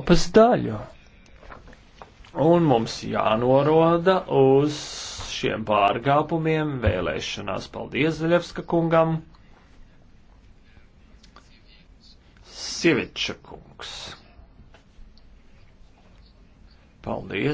Eiropas daļu. Un mums jānoroda uz šiem pārkāpumiem vēlēšanās. Paldies Zaļevska kungam! Sieviča kungs. Paldies!